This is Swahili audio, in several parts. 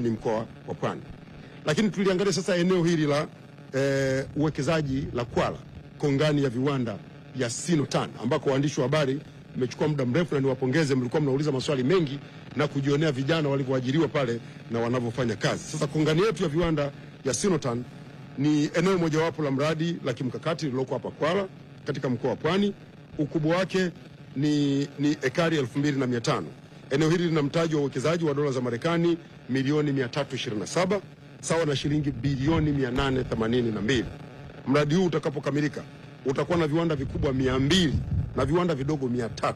hiyo ni mkoa wa Pwani. Lakini tuliangalia sasa eneo hili la e, uwekezaji la Kwala, kongani ya viwanda ya Sinotan, ambako waandishi wa habari mmechukua muda mrefu na niwapongeze, mlikuwa mnauliza maswali mengi na kujionea vijana walivyoajiriwa pale na wanavyofanya kazi. Sasa kongani yetu ya viwanda ya Sinotan ni eneo mojawapo la mradi la kimkakati lililoko hapa Kwala katika mkoa wa Pwani. Ukubwa wake ni, ni ekari elfu mbili na mia tano Eneo hili lina mtaji wa uwekezaji wa dola za Marekani milioni 327 sawa na shilingi bilioni 882. Mradi huu utakapokamilika utakuwa na viwanda vikubwa 200 na viwanda vidogo 300,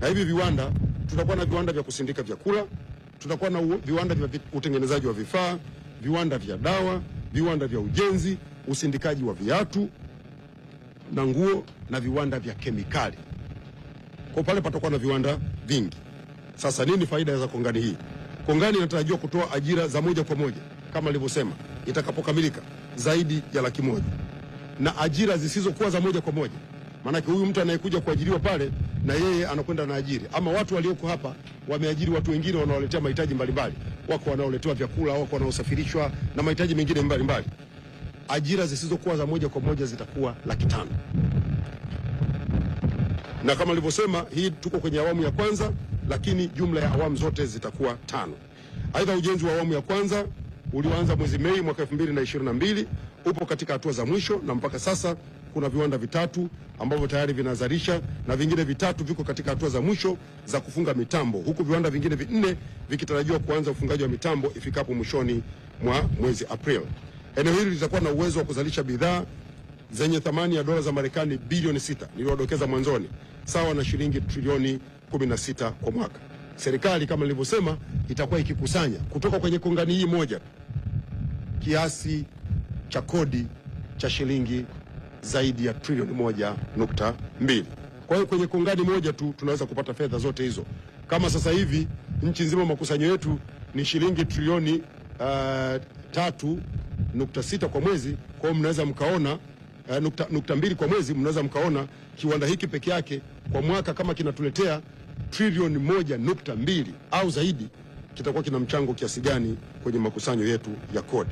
na hivi viwanda tutakuwa na viwanda vya kusindika vyakula, tutakuwa na viwanda vya utengenezaji wa vifaa, viwanda vya dawa, viwanda vya ujenzi, usindikaji wa viatu na nguo na viwanda vya kemikali. Kwa pale patakuwa na viwanda vingi. Sasa nini faida za kongani hii? Kongani inatarajiwa kutoa ajira za moja kwa moja kama alivyosema, itakapokamilika zaidi ya laki moja na ajira zisizokuwa za moja kwa moja, maanake huyu mtu anayekuja kuajiriwa pale na yeye anakwenda na ajiri, ama watu walioko hapa wameajiri watu wengine wanaoletea mahitaji mbalimbali, wako wanaoletewa vyakula, wako wanaosafirishwa na mahitaji mengine mbalimbali. Ajira zisizokuwa za moja kwa moja zitakuwa laki tano na kama alivyosema, hii tuko kwenye awamu ya kwanza lakini jumla ya awamu zote zitakuwa tano. Aidha, ujenzi wa awamu ya kwanza ulioanza mwezi Mei mwaka 2022 upo katika hatua za mwisho na mpaka sasa kuna viwanda vitatu ambavyo tayari vinazalisha na vingine vitatu viko katika hatua za mwisho za kufunga mitambo huku viwanda vingine vinne vikitarajiwa kuanza ufungaji wa mitambo ifikapo mwishoni mwa mwezi April. Eneo hili litakuwa na uwezo wa kuzalisha bidhaa zenye thamani ya dola za Marekani bilioni sita nililodokeza mwanzoni, sawa na shilingi trilioni 16 kwa mwaka. Serikali kama nilivyosema, itakuwa ikikusanya kutoka kwenye kongani hii moja kiasi cha kodi cha shilingi zaidi ya trilioni moja nukta mbili. Kwa hiyo kwenye kongani moja tu tunaweza kupata fedha zote hizo. Kama sasa hivi nchi nzima makusanyo yetu ni shilingi trilioni uh, tatu nukta sita kwa mwezi. Kwa hiyo mnaweza mkaona uh, nukta, nukta mbili kwa mwezi, mnaweza mkaona kiwanda hiki peke yake kwa mwaka kama kinatuletea trilioni moja nukta mbili au zaidi kitakuwa kina mchango kiasi gani kwenye makusanyo yetu ya kodi.